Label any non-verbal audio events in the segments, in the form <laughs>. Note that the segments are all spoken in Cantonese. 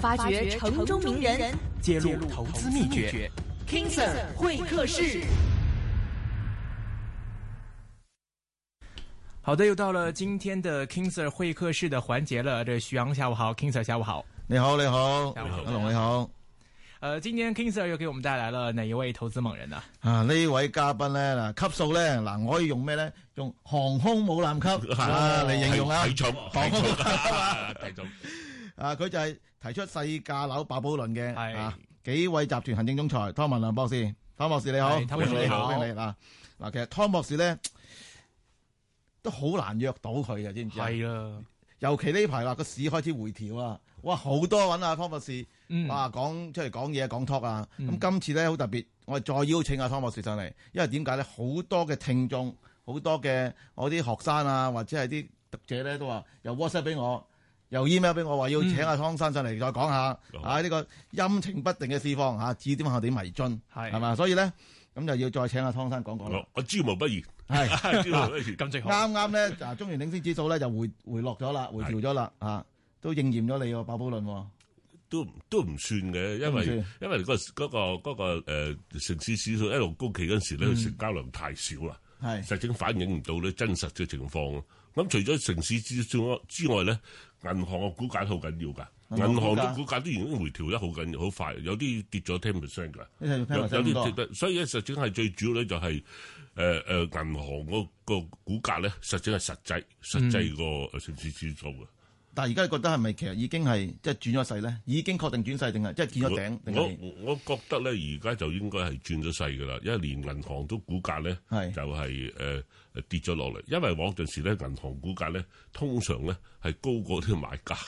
發掘城中名人，揭露投資秘訣。King Sir 會客室。好的，又到了今天的 King Sir 會客室的環節了。這徐陽下午好，King Sir 下午好。你好，你好，阿龍你好。呃，今天 King Sir 又給我們帶來了哪一位投資猛人呢？啊，呢位嘉賓呢，嗱，級數呢，嗱，我可以用咩呢？用航空母艦級啊嚟形容啊？體重，體重。啊！佢就係提出細價樓爆煲論嘅，係幾位集團行政總裁湯文亮博士。湯博士你好，湯博士你好，歡迎你啊！嗱，其實湯博士咧都好難約到佢㗎，知唔知係、啊、尤其呢排話個市開始回調啊，哇，好多搵啊，湯博士，哇、啊，嗯、出講出嚟講嘢講 talk 啊，咁、啊、今次咧好特別，我哋再邀請阿湯博士上嚟，因為點解咧？好多嘅聽眾，好多嘅我啲學生啊，或者係啲讀者咧，都話又 WhatsApp 俾我。又 email 俾我話要請阿湯生上嚟再講下，啊呢個陰晴不定嘅市況嚇，指點下點迷津係係嘛？所以咧咁就要再請阿湯生講講啦。我知無不言，係知無不言，啱啱咧啊中原領先指數咧就回回落咗啦，回調咗啦嚇，都應驗咗你個八寶論喎。都都唔算嘅，因為因為嗰嗰個城市指數一路高企嗰陣時咧，佢成交量太少啦。係，是實證反映唔到咧真實嘅情況。咁除咗城市指數之外咧，銀行嘅股價好緊要㗎。銀行嘅股，股價都已經回調得好緊要好快，有啲跌咗 ten percent 㗎。有啲跌得，所以咧實證係最主要咧就係誒誒銀行個股價咧，實證係實際實際個城市指數。㗎、嗯。但係而家你覺得係咪其實已經係即係轉咗勢咧？已經確定轉勢定係即係見咗頂定？我我覺得咧，而家就應該係轉咗勢㗎啦，因為連銀行都估價咧是就係、誒呃、跌咗落嚟，因為往陣時咧銀行估價咧通常咧係高過啲買價，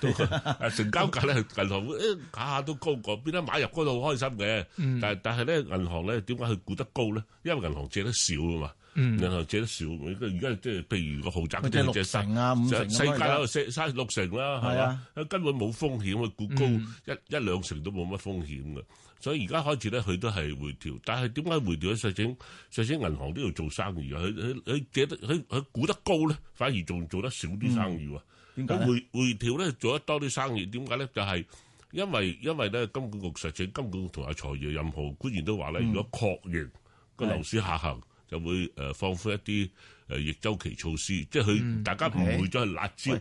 都 <laughs> 成交價咧銀行會下下都高過，邊得買入嗰度好開心嘅、嗯？但係但係咧銀行咧點解佢估得高咧？因為銀行借得少啊嘛。嗯，然後借得少，而家即係譬如個豪宅，佢借六成啊，五成世界喺度蝕，蝕六成啦，係啊，根本冇風險啊，估高一一兩成都冇乜風險嘅。所以而家開始咧，佢都係回調，但係點解回調咧？實情實情銀行都要做生意啊，佢佢佢借得佢佢估得高咧，反而仲做得少啲生意啊？點解回回調咧？做得多啲生意？點解咧？就係因為因為咧，金管局實情金管局同阿財爺任何官員都話咧，如果確認個樓市下行。就會誒放寬一啲誒逆周期措施，即係佢、嗯、大家唔會再去辣招，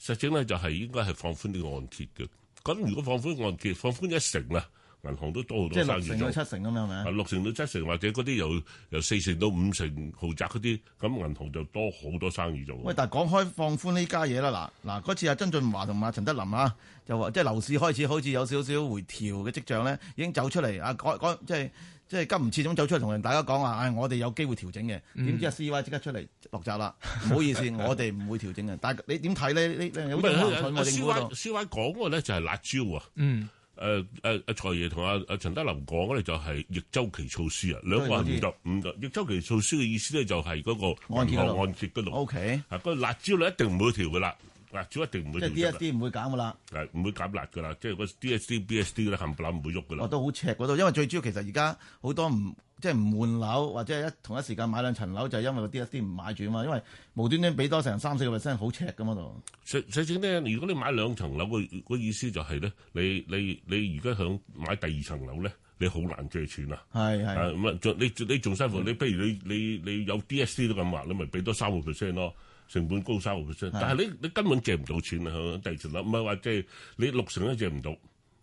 實證咧就係應該係放寬啲按揭嘅。咁如果放寬按揭，嗯、放寬一成咧。銀行都多好多生意，即係六成到七成咁樣，係咪六成到七成，或者嗰啲由由四成到五成豪宅嗰啲，咁銀行就多好多生意做。喂，但講開放寬呢家嘢啦，嗱嗱嗰次阿曾俊華同阿陳德林啊，就話即係樓市開始好似有少少回調嘅跡象咧，已經走出嚟啊！講即係即係今唔似咁走出嚟同大家講啊、哎！我哋有機會調整嘅，點知阿 CY 即刻出嚟落閘啦！唔、嗯、好意思， <laughs> 我哋唔會調整嘅。但係你點睇咧？呢呢有咩？唔係啊 CY 講嘅咧就係辣椒啊！嗯。誒誒阿財爺同阿阿陳德霖講咧就係逆周期措施啊，對兩個人唔同唔同。逆周期措施嘅意思咧就係嗰個按揭按揭嗰度，OK，係嗰個辣招你一定唔會調嘅啦，辣招一定唔會調。嗯、一啲一啲唔會減嘅啦，唔會減辣嘅啦，即係嗰啲、SD、DSD BSD 咧冚唪唥唔會喐嘅啦。我都好赤嗰度，因為最主要其實而家好多唔。即係唔換樓，或者一同一時間買兩層樓，就係、是、因為個 D S C 唔買住啊嘛。因為無端端俾多成三四個 percent 好赤咁嗰度。所所以咧，如果你買兩層樓嘅、那個意思就係、是、咧，你你你而家想買第二層樓咧，你好難借錢啊。係係。咁啊，你你仲辛苦。你不、嗯、如你你你，你有 D S C 都咁話，你咪俾多三個 percent 咯，成本高三個 percent。是的 但係你你根本借唔到錢啊，響第二層樓。唔係話即係你六成都借唔到，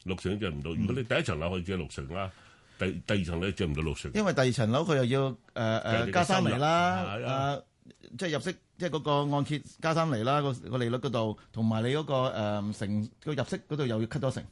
六成都借唔到。嗯、如果你第一層樓可以借六成啦、啊。第第二層咧，借唔到六成。因為第二層樓佢又要誒誒加三厘啦，誒即係入息，即係嗰個按揭加三厘啦，個個利率嗰度，同埋你嗰個誒成個入息嗰度又要 cut 多成。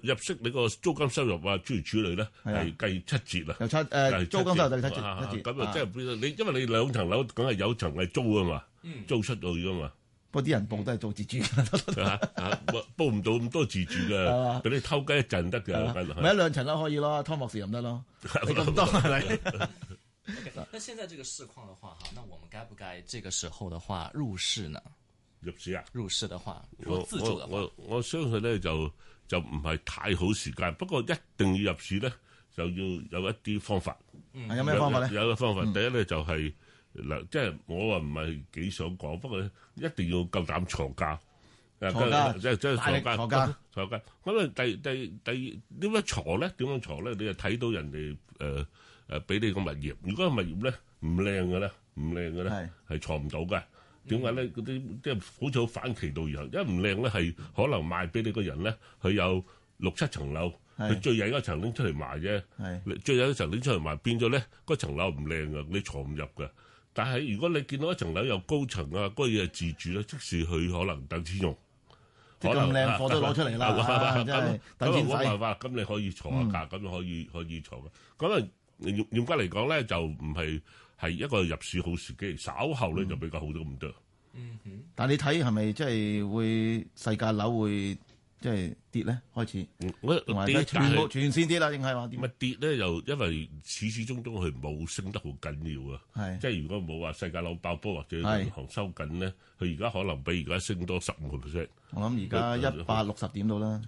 入息你個租金收入啊，諸如處理咧係計七折啊，由七誒租金收入計七折七折。咁啊，即係你因為你兩層樓，梗係有層係租啊嘛，租出去噶嘛。嗰啲人幫都係做自住㗎，啊，報唔到咁多自住噶，俾你偷雞一陣得噶，咪一兩層咯，可以咯，湯博士又唔得咯，唔得。那現在這個市況嘅話，吓，那我們該不該這個時候嘅話入市呢？入市啊，入市的話，我我我相信咧，就就唔係太好時間，不過一定要入市咧，就要有一啲方法。嗯，有咩方法咧？有一個方法，第一咧就係。嗱，即係我話唔係幾想講，不過一定要夠膽鋤價，鋤價，即係即係鋤價，鋤價，價。咁啊，第第第二點樣鋤咧？點樣鋤咧？你就睇到人哋誒誒俾你個物業。如果個物業咧唔靚嘅咧，唔靚嘅咧，係鋤唔到嘅。點解咧？啲即係好似好反其道而行，因為唔靚咧係可能賣俾你個人咧，佢有六七層樓，佢是最矮一層拎出嚟賣啫，是最矮一層拎出嚟賣，變咗咧嗰層樓唔靚嘅，你鋤唔入嘅。但係如果你見到一層樓有高層啊，嗰嘢係自住咧，即使佢可能等錢用，即係咁靚貨都攞出嚟啦，等咁冇辦法，咁、啊、你可以坐下價，咁、嗯、可以可以坐嘅。咁啊，嚴嚴格嚟講咧，就唔係係一個入市好時機，稍後咧就比較好咗咁多。嗯，但係你睇係咪即係會細價樓會？即係跌咧，開始，同埋全部全線跌啦，定係話？乜跌咧？又因為始始終終佢冇升得好緊要啊。係，即係如果冇話世界樓爆波或者銀行收緊咧，佢而家可能比而家升多十五個 percent。我諗而家一百六十點到啦，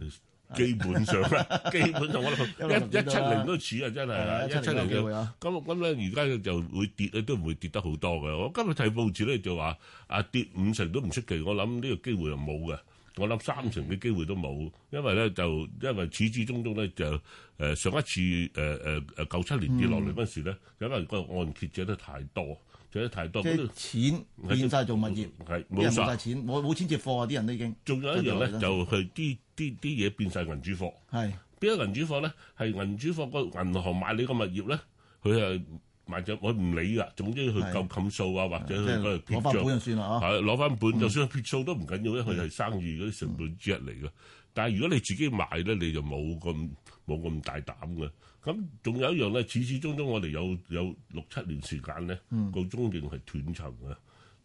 基本上基本上我諗一七零都似啊，真係一七零機會嘅。咁咁咧，而家就會跌咧，都唔會跌得好多嘅。我今日睇報紙咧就話啊，跌五成都唔出奇。我諗呢個機會又冇嘅。我諗三成嘅機會都冇，因為咧就因為始至終終咧就誒、呃、上一次誒誒、呃、九七年跌落嚟嗰陣時咧，嗯、因為個案揭借得太多，借得太多，即係錢變曬做物業，冇曬經對錢，冇冇、啊、錢接貨啊！啲人都已經仲有一樣咧，就係啲啲啲嘢變晒銀主貨，係邊個銀主貨咧？係銀主貨個銀行買你個物業咧，佢係買咗我唔理噶，總之佢夠冚數啊，或者佢攞嚟撇帳，攞翻本就算啦嚇。係攞翻本，就算撇數都唔緊要，因為佢係生意嗰啲成本之一嚟嘅。但係如果你自己買咧，你就冇咁冇咁大膽嘅。咁仲有一樣咧，始始終終我哋有有六七年時間咧，個中段係斷層嘅，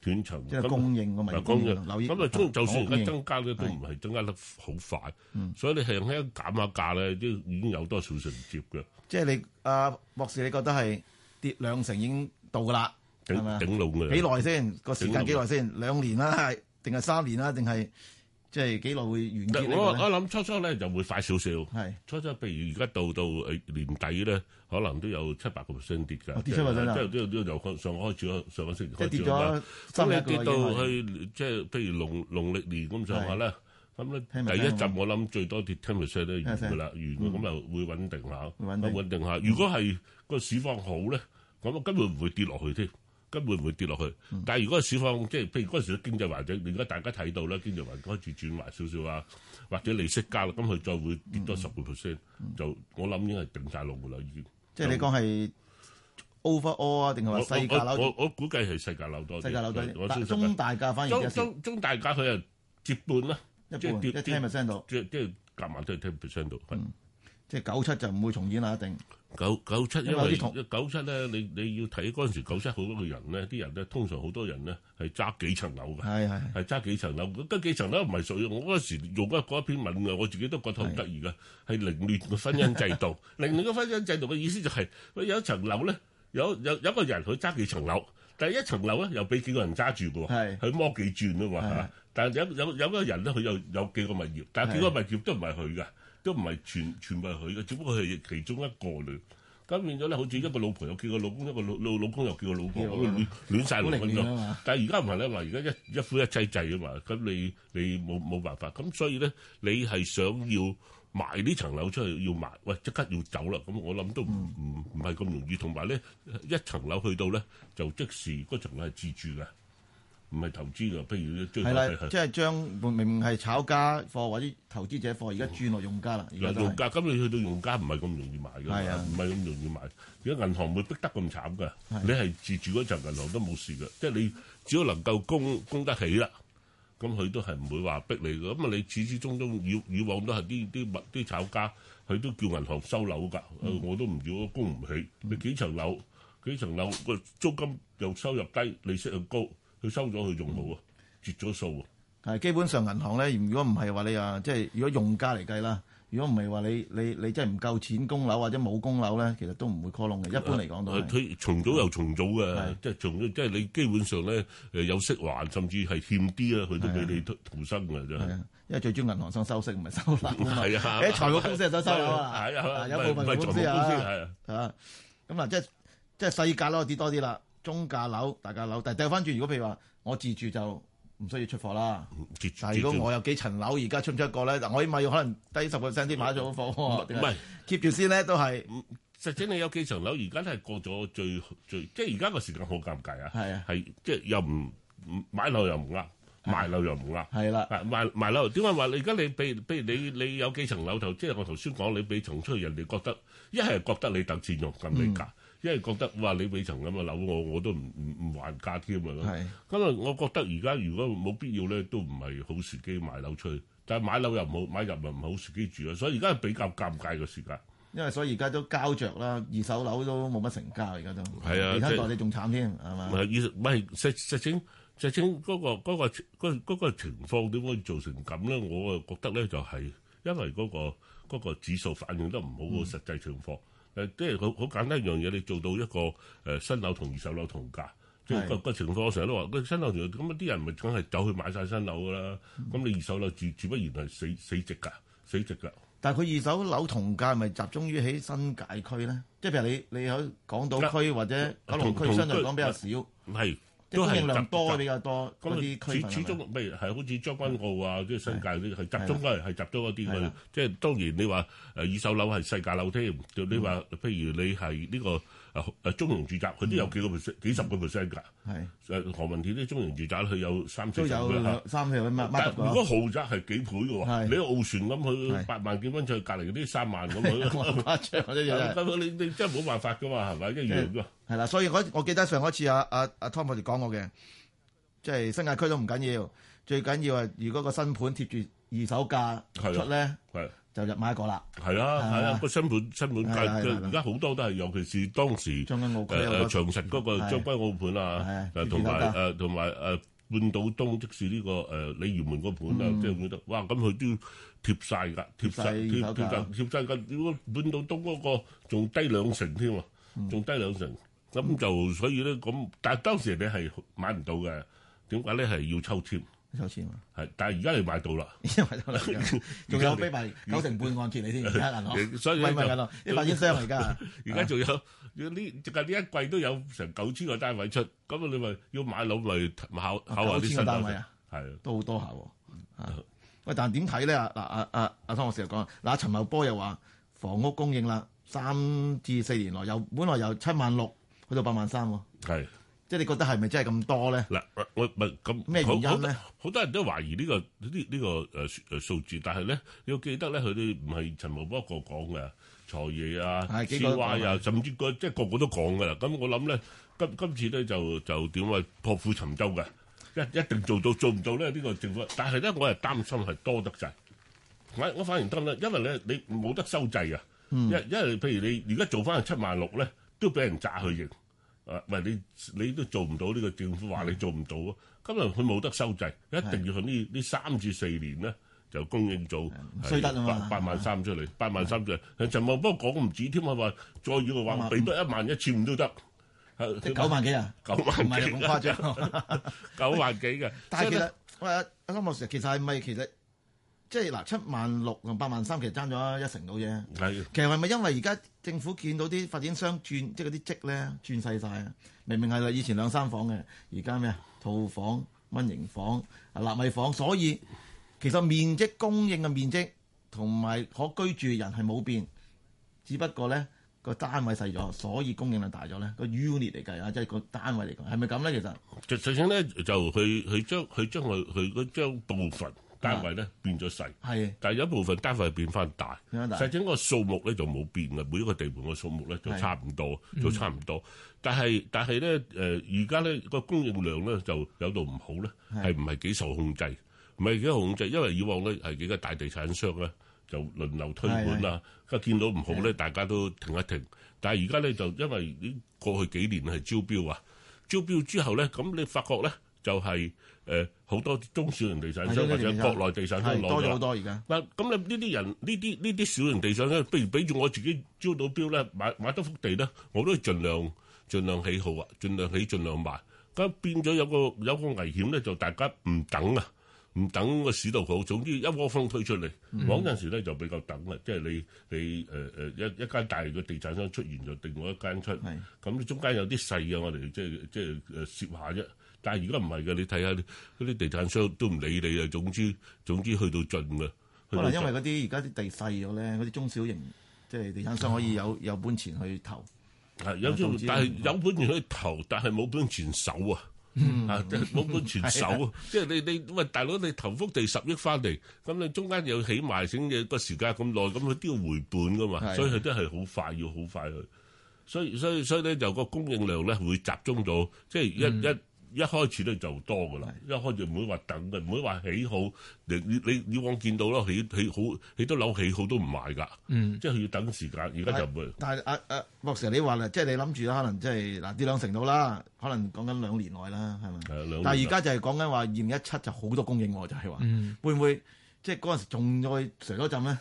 斷層。即係供應嘅問題。留意咁啊，中就算而家增加咧，都唔係增加得好快。所以你係喺減下價咧，都已經有多少承接嘅。即係你阿博士，你覺得係？跌兩成已經到㗎啦，係嘛？頂老㗎，幾耐先？個時間幾耐先？兩年啦，定係三年啦，定係即係幾耐會完結？我我諗初初咧就會快少少，係初初譬如而家到到誒年底咧，可能都有七百個 percent 跌㗎，即係即係由上開始，上個星期開始咁啊。咁你跌到去即係譬如農農曆年咁上下咧，咁咧第一集我諗最多跌 ten percent 都完㗎啦，完咁又會穩定下，咁穩定下。如果係個市況好咧。咁根本唔會跌落去添，根本唔會跌落去。嗯、但係如果個市況，即係譬如嗰陣時經濟環境，而家大家睇到啦，經濟環境開始轉壞少少啊，或者利息加啦，咁佢再會跌多十個 percent，就我諗已經係定大龍㗎啦，已經、嗯。就即係你講係 over all 啊，定係話細價樓？我我我我估計係細價樓多啲。細價樓多啲，多中大價反而中。中中大價佢係接半啦，一半跌一 percent 到，即係即係夾埋都係一 percent 到。即係九七就唔會重演啦，一定。九九七因為，因為同九七咧，你你要睇嗰陣時九七好多嘅人咧，啲人咧通常好多人咧係揸幾層樓嘅，係係係揸幾層樓。得幾層樓唔係屬於。我嗰時候用嗰一篇文啊。我自己都覺得好得意嘅，係是凌亂個婚姻制度。 <laughs> 凌亂個婚姻制度嘅意思就係、是，喂有一層樓咧，有有有一個人佢揸幾層樓，但係一層樓咧又俾幾個人揸住嘅喎，佢是摸幾轉是是 啊嘛嚇。但係有有有一個人咧，佢又有幾個物業，但係幾個物業都唔係佢嘅。是是都唔係全全部係佢嘅，只不過係其中一個女咁變咗咧，好似一個老婆又叫個老公，一個老老老公又叫個老公，亂亂晒。嚟但係而家唔係咧，話而家一一夫一妻制啊嘛。咁你你冇冇辦法咁？所以咧，你係想要賣呢層樓出去，要賣，喂即刻要走啦。咁我諗都唔唔唔係咁容易，同埋咧一層樓去到咧就即時嗰層樓係自住嘅。唔係投資㗎，譬如追係啦，即係將明明係炒家貨或者投資者貨，而家轉落用家啦。用家咁你去到用家唔係咁容易買㗎，唔係咁容易買。而家銀行會逼得咁慘㗎，你係住住嗰層銀行都冇事㗎，即係你只要能夠供供得起啦，咁佢都係唔會話逼你㗎。咁啊，你始始終終以以往都係啲啲物啲炒家，佢都叫銀行收樓㗎。我都唔要，供唔起，你幾層樓幾層樓個租金又收入低，利息又高。佢收咗佢仲好啊，絕咗數啊！係基本上銀行咧，如果唔係話你啊，即係如果用家嚟計啦，如果唔係話你你你真係唔夠錢供樓或者冇供樓咧，其實都唔會 call 窿嘅。一般嚟講都係佢重組又重組嘅，即係重即係你基本上咧誒有息還，甚至係欠啲啊，佢都俾你逃生嘅，真係。因為最主要銀行想收息唔係收樓。係啊，誒財務公司又想收樓啊。係啊，有部分公司啊，係啊，咁啊，即係即係細價咯跌多啲啦。中價樓、大價樓，但係調翻轉，如果譬如話我自住就唔需要出貨啦。住但如果我有幾層樓，而家出唔出個咧？嗱，我咪要可能低十個 percent 買咗個貨。唔係 keep 住先咧，都係、嗯、實情。你有幾層樓，而家都係過咗最最，即係而家個時間好尷尬啊。係啊，係即係又唔買樓又唔啱，賣樓又唔啱。係啦，賣賣樓點解話你而家你，譬如譬如你你有幾層樓，就即係我頭先講，你俾重出，人哋覺得一係覺得你等佔用咁你因為覺得話你俾層咁啊樓，我我都唔唔唔還價添啊咁。咁啊是，我覺得而家如果冇必要咧，都唔係好時機賣樓出去。但係買樓又唔好買入又唔係好時機住啊。所以而家係比較尷尬嘅時間。因為所以而家都交着啦，二手樓都冇乜成交，而家都。係啊，其他就代你仲慘添，係嘛？唔係，唔係實實情，實情嗰、那個嗰、那個嗰嗰、那個情況點會造成咁咧？我啊覺得咧就係因為嗰、那個嗰、那個指數反映得唔好個、嗯、實際情況。誒，即係好好簡單一樣嘢，你做到一個誒新樓同二手樓同價，即係個個情況我，我成日都話，個新樓同咁啲人咪梗係走去買晒新樓㗎啦，咁你二手樓住，絕不然係死死值㗎，死值㗎。但係佢二手樓同價係咪集中於喺新界區咧？即係譬如你你喺港島區、啊、或者九龍區，相對嚟講比較少。係、啊。都係集多比較多咁啲區，始始終，譬如係好似將軍澳啊，即係新界啲係集中啊，係集中嗰啲去，即係當然你話誒二手樓係細價樓添，就你話譬如你係呢個。啊！中型住宅佢都有幾個 percent，幾十個 percent 噶。係誒，何文田啲中型住宅佢有三四萬三，如果豪宅係幾倍嘅喎？你澳船咁去八萬幾蚊，再隔離嗰啲三萬咁樣，花長一樣。你你真係冇辦法嘅嘛，係咪一樣嘅？係啦，所以我我記得上一次阿阿阿湯博士講過嘅，即係新界區都唔緊要，最緊要係如果個新盤貼住二手價出咧。係。就入買過個啦，係啊是啊個、啊啊、新盤新盤計，而家好多都係，尤其是當時誒長城嗰個將軍澳盤啊，誒同埋誒同埋誒半島東即是呢個誒鯉魚門個盤啊，即係咁哇咁佢都貼晒㗎，貼晒有，貼晒、啊，曬貼晒㗎，半島東嗰、就是這個仲低兩成添喎，仲、呃啊嗯、低兩成，咁就所以咧咁，但係當時嘅嘢係買唔到嘅，點解咧係要抽籤？收錢喎，係，但係而家你買到啦，而家買到啦，仲有俾埋九成半按揭你添，而家啊，所以咪係咯。啲發展商而家，而家仲有呢最近呢一季都有成九千個單位出，咁你咪要買樓嚟考考下啲新樓。係啊，都好多下喎。喂，但係點睇咧啊？嗱，阿阿阿湯博士又講嗱，陳茂波又話房屋供應啦，三至四年內由本來由七萬六去到八萬三喎，即係你覺得係咪真係咁多咧？嗱，我唔係咁咩原因咧？好多人都懷疑呢個呢呢個誒誒數字，但係咧你要記得咧，佢哋唔係陳茂波個講嘅財爺啊、施威啊，甚至個即係個個都講㗎啦。咁我諗咧，今今次咧就就點話破釜沉舟㗎？一一定做到，做唔到咧？呢個政府，但係咧，我係擔心係多得滯。我我反而得啦，因為咧你冇得收掣啊！因因為譬如你而家做翻去七萬六咧，都俾人砸佢嘅。誒，唔係你，你都做唔到呢個政府話你做唔到啊！今日佢冇得收制，一定要喺呢呢三至四年咧就供應到，衰得啊嘛！八萬三出嚟，八萬三出嚟，陳茂波講唔止添啊！話再如果話俾多一萬一千五都得，即九萬幾啊？九萬幾咁誇張？九萬幾嘅。但係其實喂，阿林茂時其實係唔係其實？即係嗱，七萬六同八萬三其實爭咗一成到啫。係。其實係咪因為而家政府見到啲發展商轉，即係嗰啲積咧轉細晒？啊？明明係啦，以前兩三房嘅，而家咩啊？套房、蚊營房、啊納米房，所以其實面積供應嘅面積同埋可居住嘅人係冇變，只不過咧個單位細咗，所以供應量大咗，咧個 unit 嚟計，即係、就是、個單位嚟講係咪咁咧？其實，首先咧就佢去將佢將佢佢嗰張部分。單位咧變咗細，是的但係有一部分單位係變翻大，的實變但整個數目咧就冇變啦。每一個地盤個數目咧就差唔多，的就差唔多。嗯、但係但係咧誒，而家咧個供應量咧就有度唔好咧，係唔係幾受控制？唔係幾好控制，因為以往咧係幾個大地產商咧就輪流推盤啊。一見的到唔好咧，的大家都停一停。但係而家咧就因為呢過去幾年係招標啊，招標之後咧咁你發覺咧就係、是。誒好、呃、多中小型地產商的或者國內地產商攞咗，好多而家。嗱咁你呢啲人呢啲呢啲小型地產商，不如俾住我自己招到標咧，買買多幅地咧，我都係儘量儘量起好啊，儘量起，儘量賣。咁變咗有個有個危險咧，就大家唔等啊，唔等個市道好，總之一窩蜂推出嚟。嗯、嗰陣時咧就比較等啊，即係你你誒誒、呃、一一間大嘅地產商出現就另外一間出，咁的中間有啲細嘅我哋即係即係誒攝下啫。但係而家唔係㗎，你睇下嗰啲地產商都唔理你啊。總之總之去到盡嘅。可能因為嗰啲而家啲地細咗咧，嗰啲中小型即係地產商可以有有本錢去投。係有啲，但係有本錢去投，但係冇本錢守啊。啊，冇本錢守，即係你你喂大佬你投幅地十億翻嚟，咁你中間又起埋，整嘢個時間咁耐，咁佢都要回本㗎嘛。所以佢都係好快，要好快去。所以所以所以咧就個供應量咧會集中到，即係一一。一開始咧就多噶啦，是的 一開始唔會話等嘅，唔會話起好。你你你以往見到啦，起起好起多樓起好都唔買噶，嗯、即係要等時間。而家就唔會。但係莫阿博士你話啦，即係你諗住啦，可能即係嗱，啲兩成到啦，可能講緊兩年內啦，係咪？兩年，但係而家就係講緊話二零一七就好多供應喎，就係話、嗯、會唔會即係嗰陣時仲中咗誰多陣咧？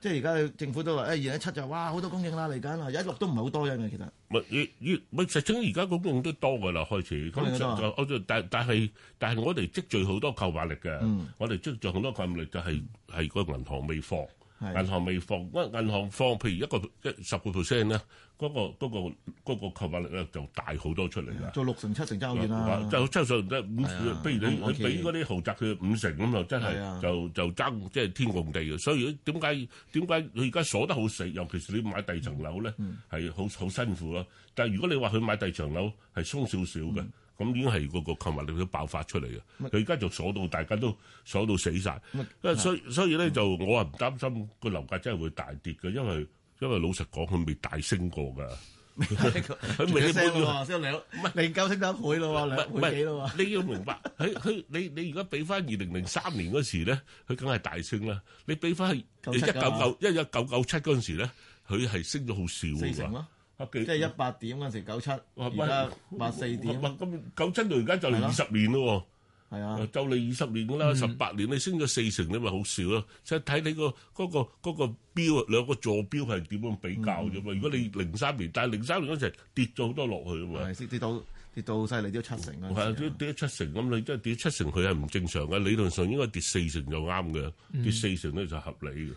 即係而家政府都話，誒二一七就哇好多供應啦嚟緊啦，一六都唔係好多人嘅其實。咪越越咪實質而家供應都多㗎啦開始。咁就我就但但係但係我哋積聚好多購買力嘅，嗯、我哋積聚好多購買力就係、是、係個銀行未放。啊、銀行未放，因銀行放，譬如一個一十、個 percent 咧，嗰、嗰個嗰、嗰個嗰購買力咧就大好多出嚟啦、啊。做六成、七成真好遠啦，就基本上得五成。不、啊、如你 okay，你俾嗰啲豪宅佢五成，咁就真係就就爭即係天共地嘅。所以點解點解佢而家鎖得好死？尤其是你買第二層樓咧，係好好辛苦咯。但係如果你話佢買第二層樓係鬆少少嘅。咁已經係個個購物力都爆發出嚟嘅，佢而家就鎖到大家都鎖到死晒，因為所所以咧就我話唔擔心個樓價真係會大跌嘅，因為因為老實講佢未大升過㗎，佢未升過，升兩，唔係零九升到一倍咯，兩倍幾咯，你要明白，佢佢你你如果俾翻二零零三年嗰時咧，佢梗係大升啦，你俾翻一九九一九九七嗰陣時咧，佢係升咗好少㗎。即係一百點嗰陣時九七，而家八四點。哇！咁九七到而家就嚟二十年咯喎，係啊，就嚟二十年噶啦，十八年你升咗四成，你咪好少咯。即係睇你個嗰個嗰個標兩個坐標係點樣比較啫嘛？如果你零三年，但係零三年嗰陣跌咗好多落去啊嘛，係跌到跌到好犀利，跌咗七成咁。係啊，跌咗七成咁，你即係跌咗七成，佢係唔正常嘅。理論上應該跌四成就啱嘅，跌四成咧就合理嘅。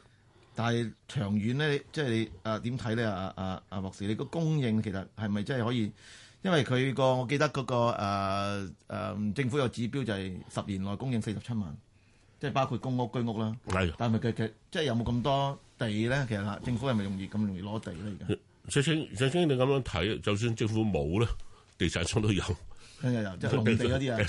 但係長遠咧，即係你啊點睇咧？啊啊啊博士，你個供應其實係咪真係可以？因為佢個我記得嗰個誒誒政府有指標，就係十年內供應四十七萬，即係包括公屋居屋啦。係。但係佢佢即係有冇咁多地咧？其實政府係咪容易咁容易攞地咧？而家？首先首先，你咁樣睇，就算政府冇咧，地產商都有。佢又又穩定啲啊，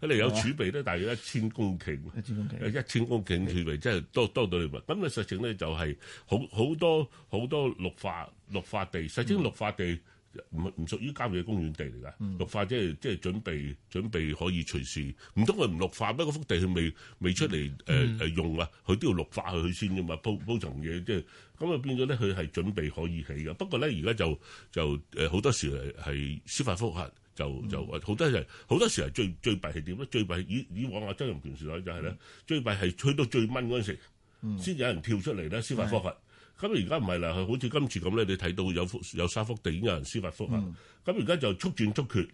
佢哋有儲備咧，大概一千公頃，一千公頃，一千公頃儲備真係、啊、多多到你咁，實情咧就係、是、好好多好多綠化綠化地，實情綠化地唔唔屬於郊野公園地嚟㗎，綠、嗯、化即係即係準備準備可以隨時唔通佢唔綠化，不過幅地佢未未出嚟、嗯嗯呃、用啊，佢都要綠化佢先㗎嘛，鋪鋪層嘢即係咁啊，就是、變咗咧佢係準備可以起㗎，不過咧而家就就好多時係係司法覆核。就就好多嘢，好多時候最最弊係點咧？最弊以以往阿曾蔭權時代就係咧，最弊係吹到最掹嗰陣時先有人跳出嚟咧，司法覆核。咁而家唔係啦，好似今次咁咧，你睇到有幅有三幅地已經有人司法覆核。咁而家就速戰速決。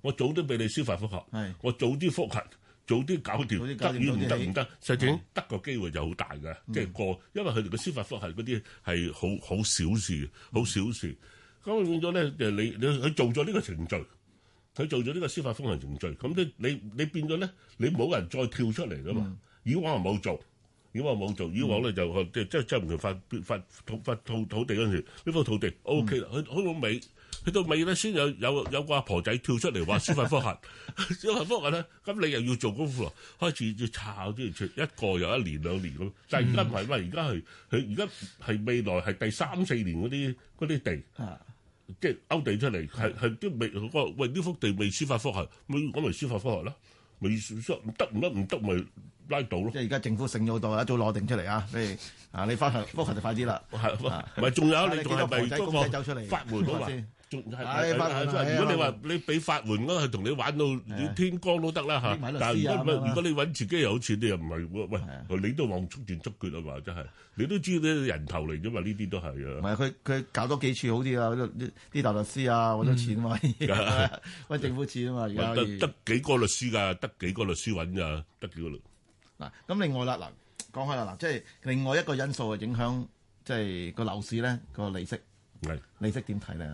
我早啲俾你司法覆核，我早啲覆核，早啲搞掂，得與唔得唔得，實際得個機會就好大㗎。即係過因為佢哋嘅司法覆核嗰啲係好好小事，好小事。咁變咗咧，就你你佢做咗呢個程序。佢做咗呢個司法覆核程序，咁你你你變咗咧，你冇人再跳出嚟噶嘛？以往冇做，以往冇做，以往咧就即即即唔同發發，發土發土土地嗰陣時，呢幅土地 O K 啦，去去、嗯 okay、到尾，去到尾咧先有有有個阿婆仔跳出嚟話司法覆核，哈哈 <laughs> 司法覆核咧，咁你又要做功夫咯，開始要炒啲嘢出，一個又一年兩年咁，但係而家唔係，因為而家係佢而家係未來係第三四年啲嗰啲地。啊即係勾地出嚟，係係都未嗰個，喂，呢幅地未司法覆核，咪講咪司法覆核咯。未唔得唔得唔得，咪拉倒咯。即係而家政府承諾到，一早攞定出嚟啊！你啊，你翻去，覆核就快啲啦。係啦，唔係仲有你呢個地仔公仔走出嚟，發霉咗啦。仲係，如果你話你俾法援嗰，係同你玩到天光都得啦吓。但係如果你揾，自己有錢你，又唔係，喂，你都望速戰速決啊嘛，真係。你都知啲人頭嚟，啫嘛，呢啲都係啊。唔係，佢佢搞多幾次好啲啊，啲大律師啊揾多錢啊嘛。喂，政府錢啊嘛，而家得得幾個律師噶，得幾個律師揾咋？得幾個律？嗱，咁另外啦，嗱，講開啦，嗱，即係另外一個因素係，影響即係個樓市咧，個利息。你你識點睇咧？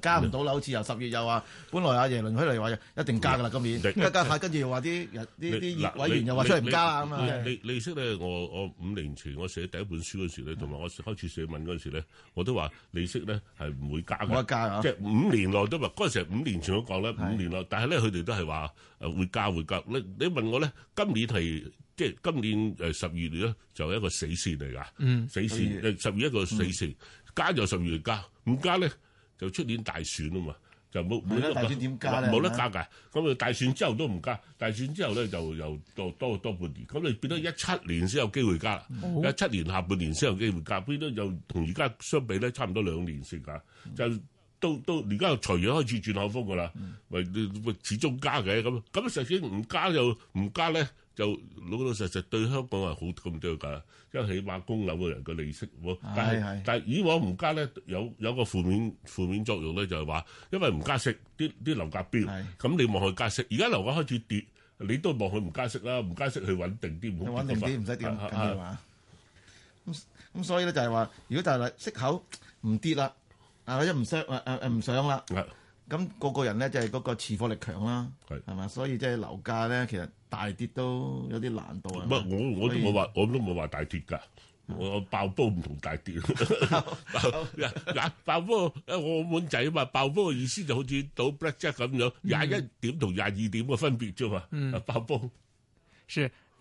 加唔到喇，好似由十月又話本來阿耶倫許嚟話，一定加噶啦。今年加加下，跟住又話啲啲啲業委員又話出嚟唔加啊嘛。你利息咧，我我五年前我寫第一本書嗰時咧，同埋我開始寫文嗰時咧，我都話利息咧係唔會加嘅，即係五年內都唔。嗰陣時五年前都講咧，五年內，但係咧佢哋都係話誒會加會加。你你問我咧，今年係即係今年誒十二月咧就係一個死線嚟噶，死線十二一個死線。加就十二月加，唔加咧就出年大選啊嘛，就冇，冇得大選點加，冇得加㗎。咁啊大選之後都唔加，大選之後咧就又多多多半年，咁你變咗一七年先有機會加，一七年下半年先有機會加，變咗又同而家相比咧，差唔多兩年先㗎，就都到而家財爺開始轉口風㗎啦，咪咪、嗯、始終加嘅咁咁實算唔加就唔加咧。就老老實實對香港係好咁多㗎，因為起碼供樓嘅人個利息，但係是是 但係如果唔加咧，有有個負面負面作用咧，就係、是、話因為唔加息，啲啲樓價飈，咁是 你望佢加息，而家樓價開始跌，你都望佢唔加息啦，唔加息去穩定啲，唔穩定啲。唔使點咁啊，咁咁所以咧就係話，如果就係話息口唔跌啦，啊一唔上啊，唔上啦。咁個個人咧，就係嗰個持貨力強啦，係嘛？所以即係樓價咧，其實大跌都有啲難度。唔係我我都冇話，我都冇話大跌㗎。我爆煲唔同大跌，爆煲爆煲，我滿仔嘛。爆煲嘅意思就好似賭 blackjack 咁樣，廿一點同廿二點嘅分別啫嘛。嗯，爆煲是。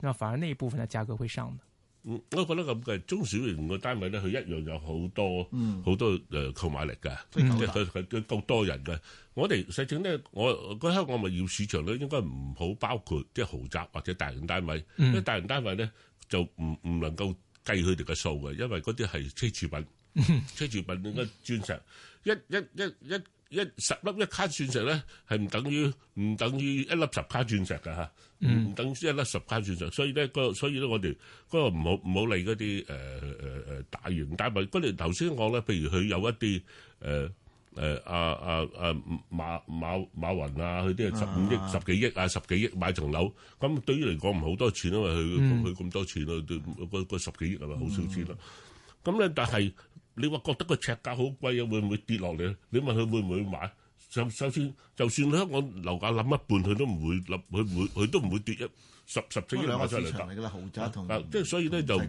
那反而那一部分嘅價格會上，嗯，我覺得咁嘅中小型嘅單位咧，佢一樣有好多，好、嗯、多誒購、呃、買力嘅，佢佢夠多人嘅。我哋實際咧，我我香港物業市場咧，應該唔好包括即係豪宅或者大型單位，嗯、因為大型單位咧就唔唔能夠計佢哋嘅數嘅，因為嗰啲係奢侈品，奢侈、嗯、品應該鑽石，一一一一。一一十粒一卡鑽石咧，係唔等於唔等於一粒十卡鑽石嘅唔、嗯、等於一粒十卡鑽石。所以咧、嗰個，所以咧，我哋嗰個唔好唔好理嗰啲誒誒誒大員大物。嗰啲頭先講咧，譬如佢有一啲誒誒阿阿阿馬馬馬雲啊，佢啲係十五億、啊、十幾億啊、十幾億買棟樓，咁對於嚟講唔好多錢因為，佢佢咁多錢咯，對十幾億係咪好少錢咯？咁咧、嗯，但係。你話覺得個尺價好貴啊，會唔會跌落嚟？你問佢會唔會買？首、嗯、首先，就算香港樓價諗一半，佢都唔會落，佢會佢都唔會跌一十十四億買出嚟㗎啦。即係、嗯、所以咧，以就唔使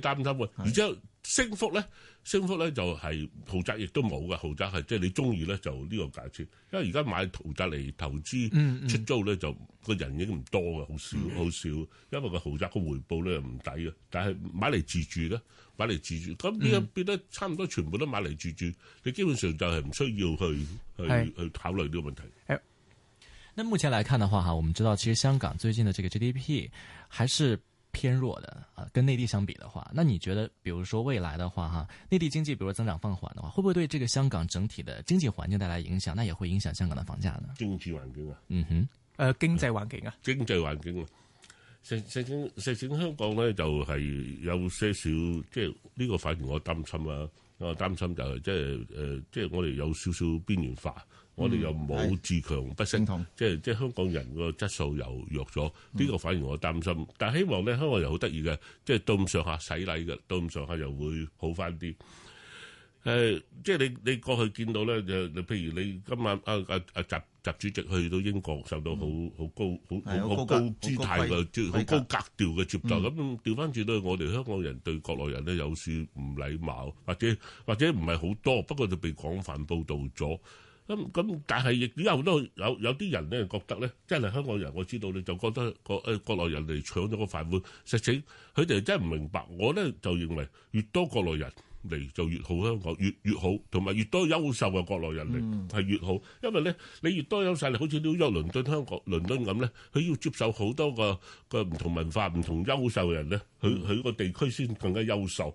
擔心㗎。而且升幅咧，升幅咧就係、是、豪宅亦都冇嘅，豪宅係即係你中意咧就呢個價錢，因為而家買豪宅嚟投資、嗯嗯、出租咧就個人已經唔多嘅，好少好、嗯、少，因為個豪宅個回報咧唔抵嘅。但係買嚟自住咧，買嚟自住，咁變變得差唔多全部都買嚟自住，嗯、你基本上就係唔需要去去是去考慮呢個問題。誒，那目前來看嘅話，哈，我們知道其實香港最近嘅這個 GDP 還是，偏弱嘅啊，跟內地相比嘅話，那你覺得，比如說未來嘅話，哈，內地經濟，比如增長放緩嘅話，會唔會對這個香港整體的經濟環境帶來影響？那也會影響香港的房價呢？經濟環境啊，嗯哼，誒、呃，經濟環境啊，經濟環境啊，成成成成香港咧就係有些少即係呢個反而我擔心啊，我擔心就係即係誒，即、呃、係、就是、我哋有少少邊緣化。我哋又冇自強不息，即係即係香港人個質素又弱咗，呢、這個反而我擔心。嗯、但係希望咧，香港人好得意嘅，即、就、係、是、到咁上下洗禮嘅，到咁上下又會好翻啲。誒、呃，即、就、係、是、你你過去見到咧，就譬如你今晚阿阿阿習習主席去到英國，受到好好高好好、嗯、好高姿態嘅好高，高格調嘅接待。咁調翻轉咧，我哋香港人對國內人都有時唔禮貌，或者或者唔係好多，不過就被廣泛報道咗。咁咁，但係亦都有好多有有啲人咧，覺得咧，即係香港人。我知道你就覺得個誒國內人嚟搶咗個飯碗。實情佢哋真係唔明白。我咧就認為，越多國內人嚟就越好香港，越越好，同埋越多優秀嘅國內人嚟係越好。因為咧，你越多優秀嚟，好似啲咗倫敦香港、倫敦咁咧，佢要接受好多個個唔同文化、唔同優秀嘅人咧，佢佢個地區先更加優秀。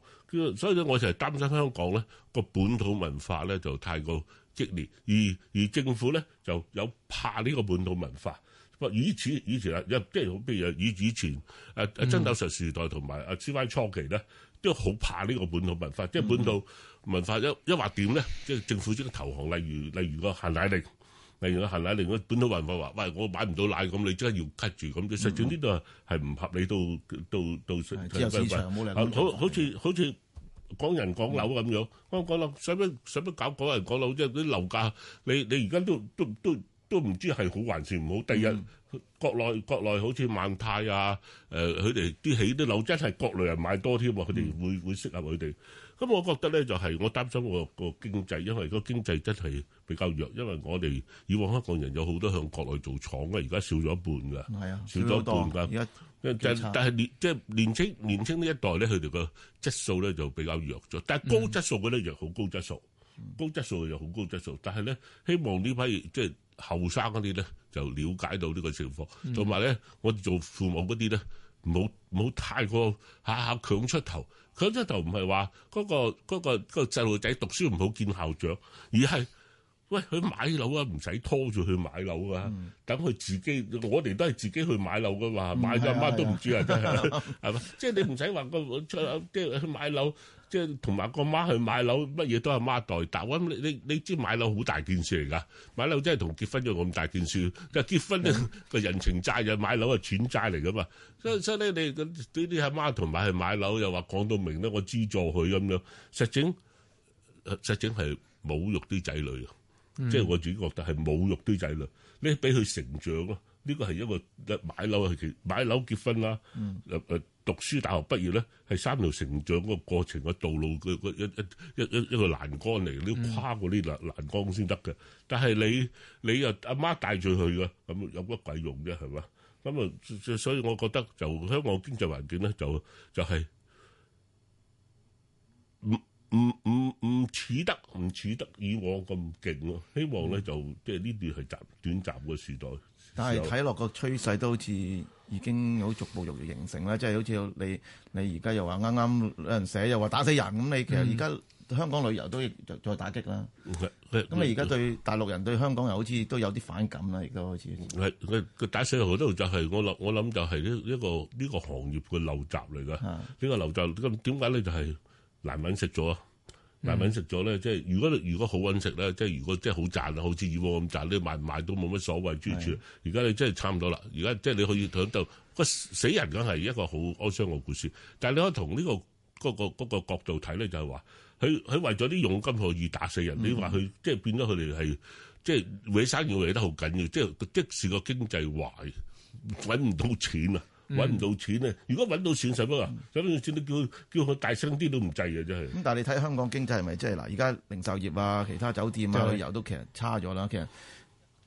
所以咧，我成日擔心香港咧個本土文化咧就太過，激烈，而而政府咧就有怕呢個本土文化。以前以前，以前啊，即係好譬如以以前誒誒爭鬥時代同埋啊，CY 初期咧，都好怕呢個本土文化。即係本土文化、嗯、一一話點咧，即係政府即刻投降。例如例如個限奶令，例如個限奶令，本土文化話：喂，我買唔到奶咁，你真係要 cut 住咁。所以總之都係唔合理到到、嗯、到。到到有有啊、好好似好似。講人講樓咁樣，我講樓使乜使乜搞講人講樓啫？啲樓價，你你而家都都都都唔知係好還是唔好。第二日國內國內好似萬泰啊，誒佢哋啲起啲樓真係國內人買多添喎，佢哋會會適合佢哋。咁我覺得咧就係我擔心個個經濟，因為個經濟真係比較弱，因為我哋以往香港人有好多向國內做廠呀，而家少咗一半㗎，少咗半㗎。但係年即係年青年青呢一代咧，佢哋個質素咧就比較弱咗。但係高質素嘅咧，又好高質素。嗯、高質素又好高質素。但係咧，希望呢批即係後生嗰啲咧，就了解到呢個情況。同埋咧，我哋做父母嗰啲咧，唔好唔好太過下下、啊啊、強出頭。強出頭唔係話嗰個嗰、嗰個、嗰個細路仔讀書唔好見校長，而係。喂，佢買樓啊，唔使拖住佢買樓啊，等佢自己。我哋都係自己去買樓噶嘛，買咗阿媽都唔知啊，真係係嘛，即係你唔使話個出即係去買樓，即係同埋個媽去買樓，乜嘢都係媽代答。我諗你你你知買樓好大件事嚟噶，買樓真係同結婚有咁大件事。就結婚個人情債，就買樓係錢債嚟噶嘛，所以所以咧，你啲啲阿媽同埋去買樓又話講到明咧，我資助佢咁樣，實情實情係侮辱啲仔女即係我自己覺得係侮辱啲仔女，你俾佢成長咯。呢個係一個買樓係結買樓結婚啦，誒誒讀書大學畢業咧，係三條成長個過程個道路嘅個一一一一個欄杆嚟，你要跨過呢個欄杆先得嘅。但係你你又阿媽帶住佢嘅咁有乜鬼用啫？係嘛咁啊，所以我覺得就香港經濟環境咧就就係。唔唔唔似得，唔似得，以我咁勁咯。希望咧就即係呢段係暫短暫嘅時代。但係睇落個趨勢都好似已經有逐步逐步形成啦。即、就、係、是、好似你你而家又話啱啱有人寫又話打死人咁，嗯、你其實而家香港旅遊都亦再打擊啦。咁、嗯嗯、你而家對大陸人、嗯、對香港人好似都有啲反感啦，而家好似，佢佢、嗯嗯嗯、打死好多就係、是、我諗我諗就係一一個呢、呢個行業嘅陋習嚟㗎。的呢個陋習咁點解咧就係、是？難揾食咗啊！難揾食咗咧，即係如果如果好揾食咧，即係如果即係好賺啦，好似以往咁賺，你買唔買都冇乜所謂之處。而家你真係差唔多啦。而家即係你可以響度，個死人梗係一個好哀傷嘅故事。但係你可以同呢個嗰個嗰個角度睇咧，就係話佢佢為咗啲佣金可以打死人。的你話佢即係變咗佢哋係即係為生意為得好緊要。即係即使個經濟壞揾唔到錢啊！搵唔到錢啊！如果搵到錢，使乜啊？使乜錢都叫叫佢大聲啲都唔制嘅，真係。咁但係你睇香港經濟係咪即係嗱？而家零售業啊，其他酒店啊、旅遊都其實差咗啦。其實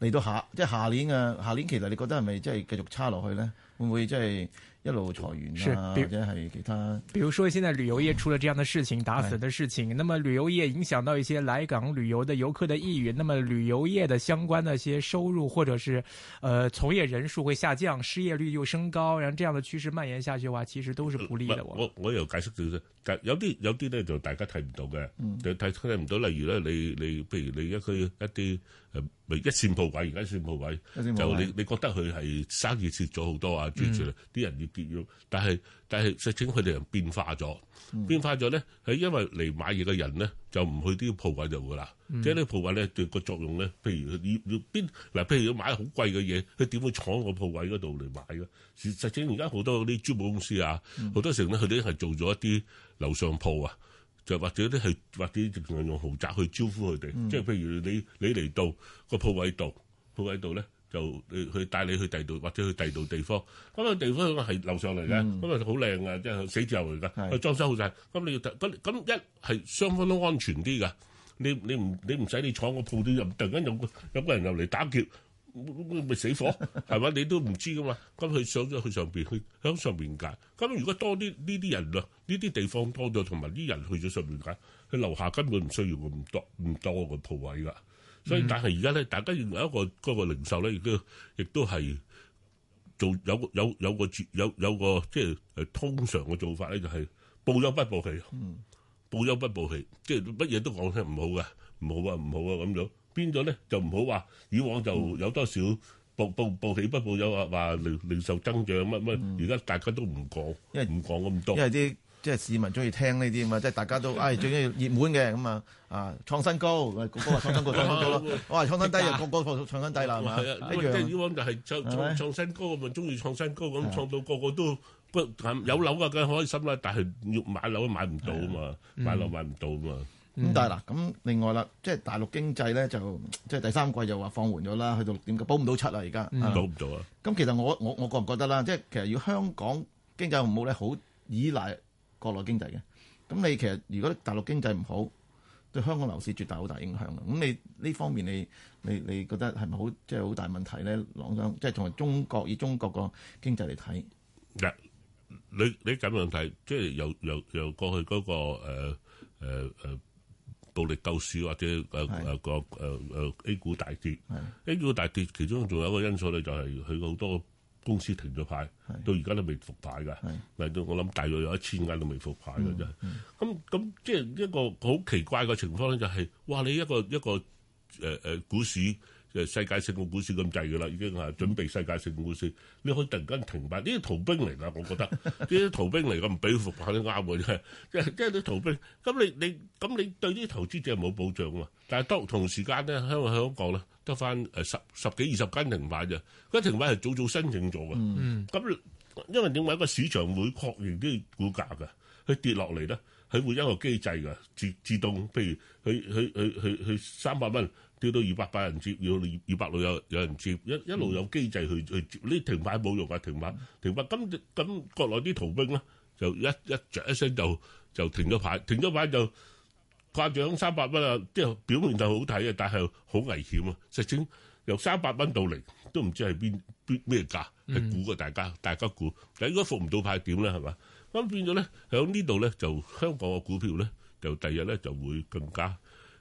嚟到下即係下年啊，下年其實你覺得係咪即係繼續差落去咧？會唔會即係？一路裁員啦，或者係其他。比如說，現在旅遊業出了這樣的事情，打死的事情，嗯、那麼旅遊業影響到一些來港旅遊的遊客的意願，嗯、那麼旅遊業的相關的一些收入，或者是，呃，從業人數會下降，失業率又升高，然後這樣的趨勢蔓延下去嘅話，其實都是不利嘅、嗯。我我又解釋咗，有啲有啲呢就大家睇唔到嘅，就睇睇唔到。例如呢，你你，譬如你一區一啲誒一線鋪位，而家一線鋪位就你是你覺得佢係生意蝕咗好多啊，住住啲人但係但係實情，佢哋人變化咗，嗯、變化咗咧係因為嚟買嘢嘅人咧就唔去啲鋪位度噶啦，嗯、即係啲鋪位咧對個作用咧，譬如你邊嗱，譬如要買好貴嘅嘢，佢點會坐喺個鋪位嗰度嚟買咧？實情而家好多嗰啲珠寶公司啊，好、嗯、多時咧佢哋係做咗一啲樓上鋪啊，就或者啲係或者仲用豪宅去招呼佢哋，嗯、即係譬如你你嚟到個鋪位度鋪位度咧。就去帶你去第度，或者去第度地方。咁個地方係樓上嚟嘅，咁啊好靚啊，即係死之後嚟㗎。佢裝修好曬，咁你要咁咁一係雙方都安全啲㗎。你你唔你唔使你坐個鋪啲入，突然間有有個人入嚟打劫，咪死火係嘛？你都唔知㗎嘛。咁佢上咗去上邊，去響上面揀。咁如果多啲呢啲人啊，呢啲地方多咗，同埋啲人去咗上面揀，佢樓下根本唔需要咁多咁多個鋪位㗎。所以但係而家咧，大家要有一個嗰個零售咧，亦都亦都係做有有有個有有個即係誒通常嘅做法咧，就係報憂不報喜，報憂不報喜，即係乜嘢都講出唔好嘅，唔好啊唔好啊咁樣，邊咗咧就唔好話以往就有多少報報報喜不報憂啊，話零零售增長乜乜，而家大家都唔講唔講咁多。因為啲即係市民中意聽呢啲咁即係大家都唉，最緊要熱門嘅咁啊啊！創新高，個個創新高，創新高咯。我話創新低啊，個個放創新低啦，一樣。即係如果就係創創新高，咪中意創新高咁，創到個個都有樓啊，梗係開心啦。但係要買樓都買唔到啊嘛，買樓買唔到啊嘛。咁但係嗱，咁另外啦，即係大陸經濟咧就即係第三季就話放緩咗啦，去到六點九，保唔到七啦，而家保唔到啊。咁其實我我我覺唔覺得啦？即係其實要香港經濟唔好咧，好依賴，國內經濟嘅，咁你其實如果大陸經濟唔好，對香港樓市絕大好大影響嘅。咁你呢方面你你你覺得係咪好即係好大問題咧？講講即係從中國以中國個經濟嚟睇，嗱，yeah，你你咁樣睇，即係由由由過去嗰個誒誒誒暴力救市或者誒誒個誒誒 A 股大跌係，A 股大跌其中仲有一個因素咧，就係佢好多公司停咗牌，到而家都未復牌㗎。嚟到我諗，大約有一千間都未復牌㗎啫。咁咁、嗯嗯、即係一個好奇怪嘅情況咧、就係，就係哇！你一個一個誒誒、呃、股市。世界性嘅股市咁滯嘅啦，已經係準備世界性嘅股市。你可以突然間停牌，呢啲逃兵嚟㗎，我覺得呢啲逃兵嚟㗎，唔俾佢復牌都啱嘅，即係即係啲逃兵。咁你你咁你對啲投資者冇保障㗎。但係都同時間咧，香港香港咧得返誒十十幾二十間停牌啫。佢停牌係早早申請咗㗎。咁、嗯嗯、因為點解個市場會確認啲股價㗎？佢跌落嚟咧，佢會一個機制㗎，自自動譬如佢佢佢佢佢三百蚊。調到二百八人接，要二百六有有人接，一一路有機制去去接。呢停牌冇用啊，停牌停牌。咁咁國內啲逃兵咧，就一一著一聲就就停咗牌，停咗牌就掛獎三百蚊啊！即係表面就好睇啊，但係好危險啊。實情由三百蚊到嚟都唔知係邊邊咩價，係估過。大家大家估，但如果復唔到牌點咧，係嘛？咁變咗咧喺呢度咧，就香港嘅股票咧，就第二日咧就會更加。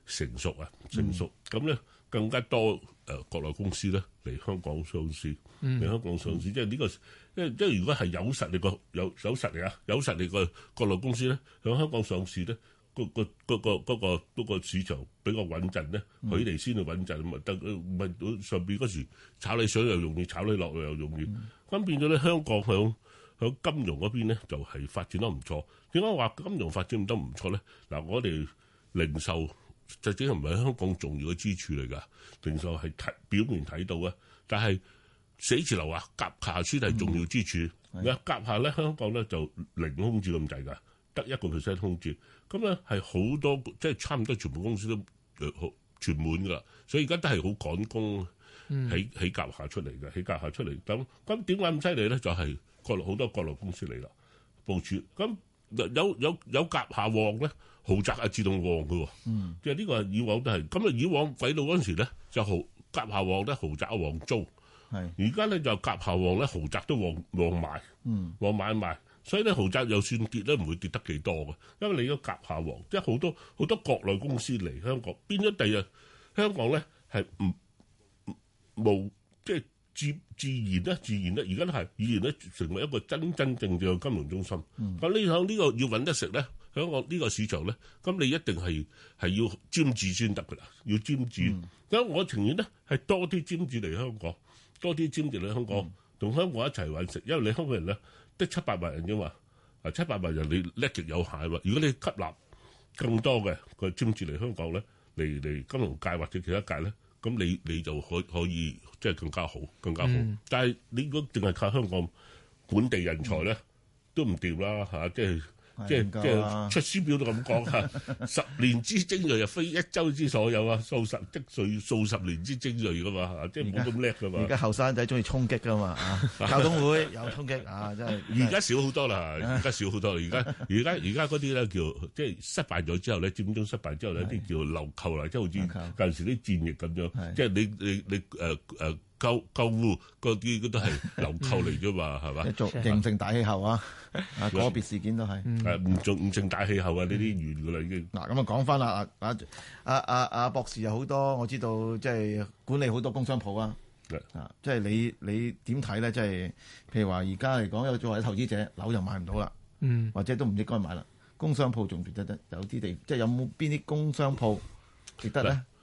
成熟啊，成熟咁咧，嗯、更加多誒國內公司咧嚟香港上市，嚟香港上市，嗯、即係呢、這個，即係即係，如果係有實力個有有實力啊，有實力個國內公司咧，響香港上市咧，那個、那個嗰、那個嗰、那個、市場比較穩陣咧，佢哋先係穩陣，唔係得唔係上邊嗰時炒你水又容易，炒你落去又容易，咁、嗯、變咗咧香港響響金融嗰邊咧就係發展得唔錯。點解話金融發展得唔錯咧？嗱，我哋零售。就只係唔係香港重要嘅支柱嚟噶，定就係睇表面睇到啊？但係寫字樓啊，甲下先係重要嘅支柱。啊、嗯，是的甲下咧，香港咧就零空置咁滯㗎，得一個 percent 空置。咁咧係好多，即係差唔多全部公司都全滿㗎喇。所以而家都係好趕工，喺、嗯、起、起甲下出嚟㗎，起甲下出嚟。咁咁點解咁犀利咧？就係國內好多國內公司嚟啦，部署。咁。有有有夾下旺咧，豪宅係自動旺嘅喎，哦。即係呢個係以往都係，咁啊以往鬼佬嗰陣時咧就豪夾下旺咧，豪宅旺，旺租。係而家咧就夾下旺咧，豪宅都旺旺買，旺買賣。所以咧豪宅就算跌咧，唔會跌得幾多嘅，因為你個夾下旺，即係好多好多國內公司嚟香港，邊一地啊香港咧係唔冇即係。自自然咧，自然咧，而家都係，自然咧成為一個真真正正嘅金融中心。咁呢響呢個要揾得食咧，香港呢個市場咧，咁你一定係係要專注先得㗎啦，要專注。咁、嗯、我情願咧係多啲專注嚟香港，多啲專注嚟香港，同、嗯、香港一齊揾食，因為你香港人咧得七八萬人，七百萬人啫嘛，啊七百萬人你叻極有限喎。如果你吸納更多嘅佢專注嚟香港咧，嚟嚟金融界或者其他界咧。咁你你就可以可以即係更加好更加好，加好嗯、但係你如果淨係靠香港本地人才咧，嗯、都唔掂啦即係。啊即係即即、就是就是、出師表都咁講啊！ <laughs> 十年之精鋭又非一周之所有啊，數十積聚數十年之精鋭噶嘛，即係唔好咁叻噶嘛。而家後生仔鍾意衝擊噶嘛啊！校董會有衝擊啊，真係而家少好多啦，而家少好多，而家而家而家嗰啲咧叫即係失敗咗之後咧，佔 <laughs> 中失敗之後有啲 <laughs> 叫流寇嚟，即係好似舊時啲戰役咁樣， <laughs> <laughs> 即係你你你誒誒。呃呃救購物嗰啲都係流寇嚟啫嘛，係嘛？做形成大氣候啊，啊個別事件都係，係唔做唔成大氣候啊？呢啲完噶啦，已經。嗱咁啊，講翻啦啊，阿阿阿博士有好多，我知道即係管理好多工商鋪啊。啊，即係你你點睇咧？即係譬如話而家嚟講，有作為投資者，樓又買唔到啦，嗯、或者都唔應該買啦。工商鋪仲值得，有啲地即係有冇邊啲工商鋪值得咧？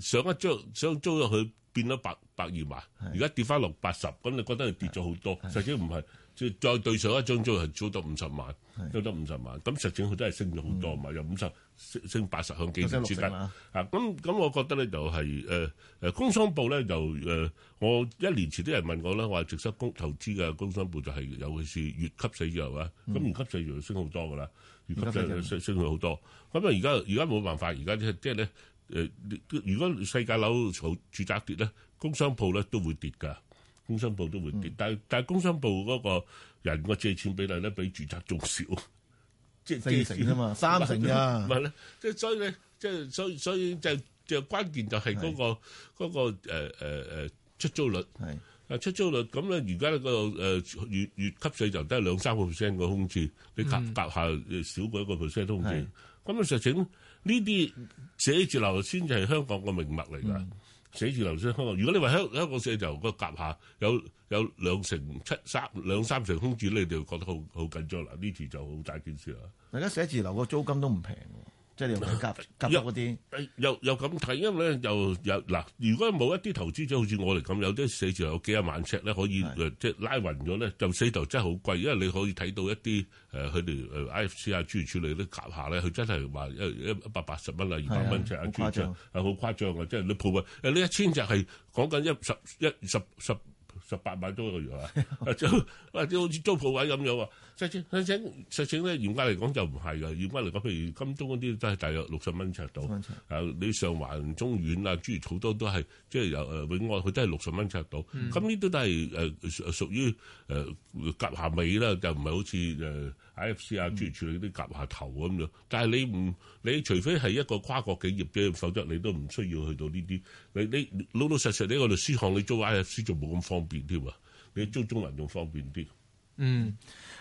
上一張想租咗佢變咗百百二萬，而家跌翻落八十，咁你覺得係跌咗好多？是的實際唔係，再再對上一張租係租到五十萬，租的到五十萬，咁實際佢都係升咗好多嘛？有五十升升八十向幾十之間？啊，咁咁，我覺得咧就係誒誒工商部咧就誒，我一年前啲人問我咧話，直失工投資嘅工商部就係、是、尤其是月級四、嗯、月啊，咁月級四月升好多噶啦，月級四月升升咗好多，咁啊而家而家冇辦法，而家即即咧。如果世界樓住住宅跌咧，工商鋪咧都會跌㗎，工商鋪都會跌，嗯、但係但係工商鋪嗰個人個借錢比例咧比住宅仲少，即係四成啊嘛，三成啊，唔係咧，即係所以咧，即係所以所以，所以就就，就關鍵就係嗰、嗰個嗰是、嗰個誒、呃呃、出租率係。啊，出租率咁咧，而家咧個誒，越越吸水就得兩三個 percent 個空置，你夾夾下少過一個 percent 空置，咁啊是的 實情呢啲寫字樓先至係香港個命脈嚟㗎。的嗯、寫字樓先香港，如果你話香港寫字樓個夾下有有兩成七三兩三成空置你就覺得好好緊張啦。呢次就好大件事啦。而家寫字樓個租金都唔平。即係用夾夾伏嗰啲，又又咁睇，因為咧又有嗱，如果冇一啲投資者好似我哋咁，有啲四字有幾啊萬尺咧，可以誒，是的 即係拉勻咗咧，就四頭真係好貴，因為你可以睇到一啲誒，佢哋誒 IFC 諸如處理咧夾下咧，佢真係話一一百八十蚊啦，二百蚊尺啊，誇張啊，好誇張啊，即係你鋪運呢一千隻係講緊一十一十十。十十八萬租一個月啊，或者、 <laughs> 啊、好似租鋪位咁樣喎，實情實情實情咧，嚴格嚟講就唔係嘅。嚴格嚟講，譬如金鐘嗰啲都係大約六十蚊尺度。 <laughs> 啊，你上環、中遠啊，諸如好多都係即係由誒永安，佢都係六十蚊尺度。咁呢啲都係誒、呃、屬於誒夾、呃、下尾啦，就唔係好似誒。呃 I.F.C. 啊，嗯、處，處理處理啲夾下頭咁樣，但係你唔，你除非係一個跨國企業嘅，否則你都唔需要去到呢啲。你你老老實實呢個律師行，你租 I.F.C. 就冇咁方便添啊，你租中環仲方便啲。嗯。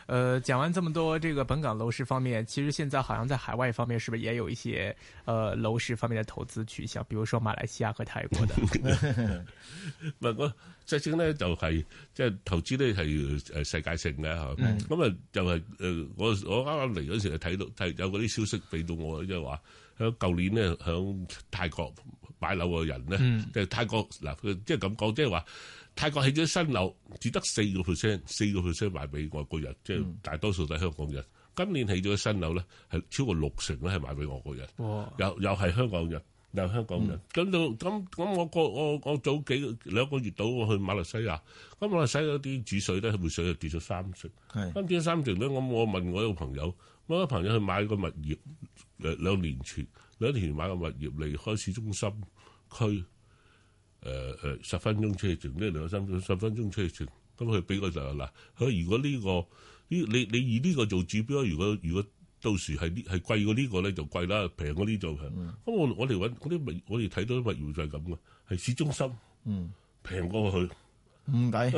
呃、講完這麼多，這個本港樓市方面，其實現在好像在海外方面，是不是也有一些，呃、樓市方面的投資取向，比如說馬來西亞和泰國啦。唔係我就係、是、即投資呢，係世界性嘅。咁啊就係、是、我我啱啱嚟嗰時啊睇到有嗰啲消息俾到我，就係話響舊年呢，響泰國買樓嘅人呢，即係、嗯、泰國嗱佢即係咁講，即係話。就是泰國起咗新樓，只得四個 percent，四個 percent 賣俾外國人，嗯、即係大多數都係香港人。今年起咗啲新樓咧，係超過六成咧係賣俾外國人，哦、又又係香港人，又係香港人。咁、嗯、到咁咁，我個我我早幾兩個月到我去馬來西亞，咁馬來西亞啲紙水咧，匯水又跌咗三成。是今天三成咧，我我問我一個朋友，我個朋友去買個物業，誒兩年前兩年前買個物業，離開市中心區。誒誒、呃、十分鐘車程，即係兩三分鐘，十分鐘車程。咁佢俾個就係嗱，佢如果呢、這個呢，你你以呢個做指標，如果如果到時係呢係貴過呢個咧，就貴啦；平過呢就平。咁我我哋揾嗰啲物，我哋睇到啲物業就係咁嘅，係市中心，平、嗯、過佢唔抵。帶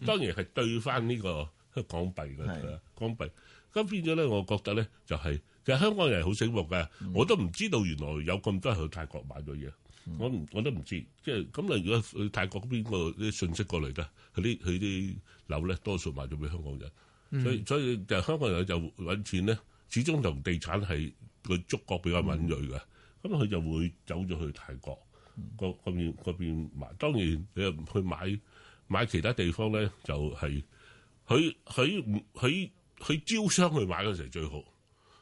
<laughs> 當然係對翻呢、呢個港幣㗎，港幣。咁是變咗咧，我覺得咧就係、是、其實香港人係好醒目㗎。嗯、我都唔知道原來有咁多人去泰國買咗嘢。我唔我都唔知，即係咁。例如，如果去泰國嗰邊個啲信息過嚟咧，佢啲佢啲樓咧多數賣咗俾香港人，嗯、所以所以就香港人就揾錢咧，始終同地產係個觸角比較敏鋭嘅。咁佢、嗯、就會走咗去泰國嗰嗰、嗯、邊嗰邊買。當然你又唔去買買其他地方咧、就係，就係佢佢佢佢招商去買嗰陣時候最好。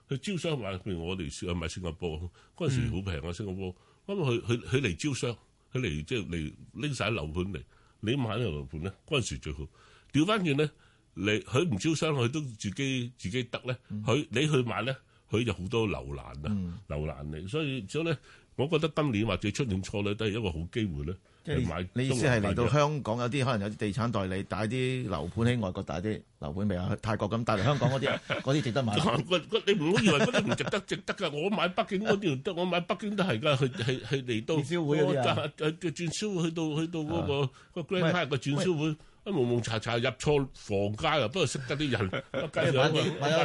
佢招商買，譬如我哋誒買新加坡嗰陣時好平啊，新加坡。嗯咁佢佢佢嚟招商，佢嚟即係嚟拎晒樓盤嚟，你買呢個樓盤咧，嗰陣時最好。調翻轉咧，你佢唔招商，佢都自己自己得咧，佢、嗯、你去買咧，佢就好多留難啊，留難嚟。所以所以咧，我覺得今年或者出年初咧，都係一個好機會咧。即係唔係，你意思係嚟到香港有啲可能有啲地產代理帶啲樓盤喺外國，帶啲樓盤未啊？去泰國咁帶嚟香港嗰啲，嗰啲值得買。你唔好以為嗰啲唔值得，值得噶。我買北京嗰啲都得，我買北京都係噶。去去去嚟到轉銷會我轉銷會去到去到嗰個 grand p a u s e 個轉銷會，都蒙蒙查查入錯房間啊！不過識得啲人，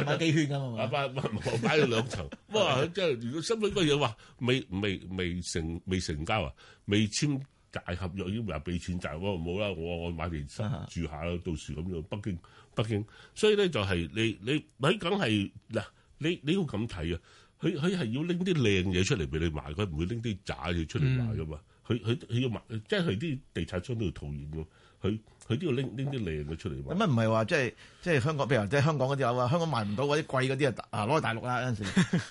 買幾圈咁啊！買買咗兩層哇！即係如果心買嗰嘢話，未未未成未成交啊，未簽。大合約已經話俾錢賺喎，冇啦，我我買件視住一下咯，到時咁樣北京北京，所以咧就係你你佢梗係嗱，你你，你要咁睇啊，佢佢係要拎啲靚嘢出嚟俾你買，佢唔會拎啲渣嘢出嚟買噶嘛，佢佢佢要買，即係佢啲地產商都套現㗎。佢佢都要拎拎啲靚嘅出嚟賣。咁啊唔係話即係即係香港，譬如即係香港嗰啲有啊，香港買唔到嗰啲貴嗰啲啊，啊攞去大陸啊，嗰陣時。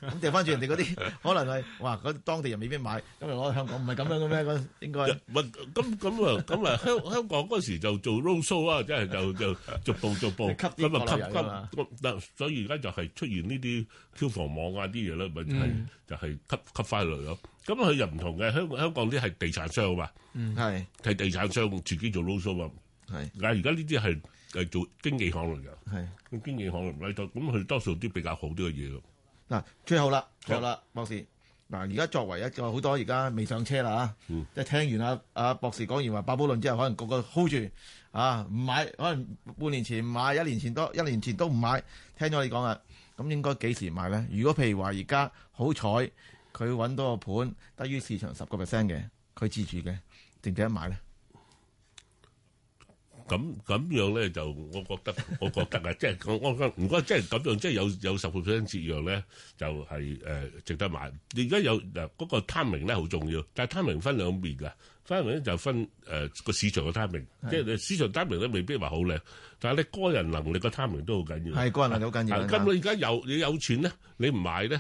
咁 <laughs> 掉翻轉人哋嗰啲，可能係哇嗰當地人未必買，咁咪攞去香港唔係咁樣嘅咩？嗰 <laughs> 應該。唔咁咁啊咁啊，香香港嗰時就做 road show 啊，即係就就逐步逐步咁啊吸，內內吸，吸，吸，吸所以而家就係出現呢啲消防網啊啲嘢啦，咪就係、是就是、吸吸返嚟、啊。咁佢又唔同嘅，香香港啲係地產商啊嘛，係係、嗯、地產商自己做樓商啊，係是。但係而家呢啲係係做經紀行嚟㗎，係是。咁經紀行嚟就咁，佢多數啲比較好啲嘅嘢咯。嗱，最後啦，好啦是，博士。嗱，而家作為一個好多而家未上車啦啊，即係、嗯、聽完阿阿博士講完話爆煲論之後，可能個個 hold 住啊，唔買，可能半年前唔買，一年前多一年前都唔買。聽咗你講啊，咁應該幾時買咧？如果譬如話而家好彩。佢揾到個盤，低於市場十個 percent 嘅，佢自住嘅，值唔值得買咧？咁咁樣咧，就我覺得，我覺得啊，即係我我覺得，如果即係咁樣，即係有有十個 percent 折讓咧，就係誒值得買。你而家有嗱嗰個 timing 咧，好重要，但係 timing 分兩邊㗎，分兩邊就分誒個市場嘅 timing，即係市場 timing 咧未必話好靚，但係你個人能力嘅 timing 都好緊要。係個人能力好緊要。咁你而家有你有錢咧，你唔買咧？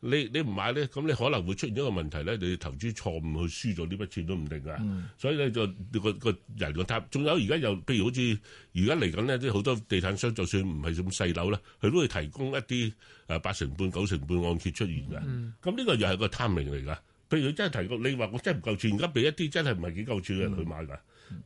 你你唔買咧，咁你可能會出現一個問題咧，你投資錯誤去輸咗呢筆錢都唔定噶。嗯、所以咧就個人個貪，仲有而家又譬如好似而家嚟緊呢啲好多地產商就算唔係咁細樓啦，佢都會提供一啲八成半、九成半按揭出現㗎。咁呢、嗯、個又係個貪名嚟噶。譬如佢真係提供，你話我真係唔夠錢，而家俾一啲真係唔係幾夠錢嘅人去買噶。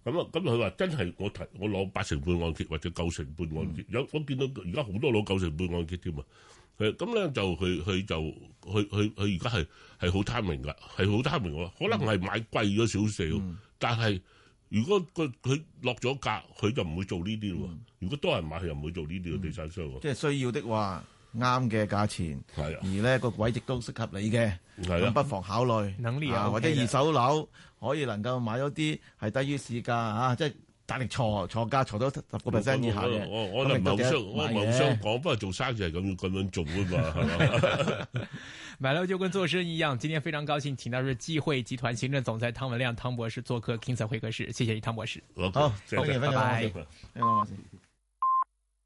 咁啊咁佢話真係我提我攞八成半按揭或者九成半按揭，有我見到而家好多攞九成半按揭添啊。嗯咁咧就佢佢就佢佢佢而家係係好 timing 㗎，係好 timing 㗎。可能係買貴咗少少，嗯、但係如果佢落咗價佢就唔會做呢啲咯。嗯、如果多人買，又唔會做呢啲、嗯、地產商喎。即係需要的話，啱嘅價錢，啊、而咧個位亦都適合你嘅，咁、啊、不妨考慮。或者二手樓可以能夠買咗啲係低於市價啊即係。大力坐，坐家坐到十個 percent 以下嘅。我我就唔係好想，我唔係好想講，不過做生意就係咁樣咁樣做啊嘛，係嘛。買樓就跟做生意一樣，今天非常高興，請到係紀惠集團行政總裁湯文亮湯博士做客 King Sir 會客室，謝謝你湯博士。好，再見，拜拜。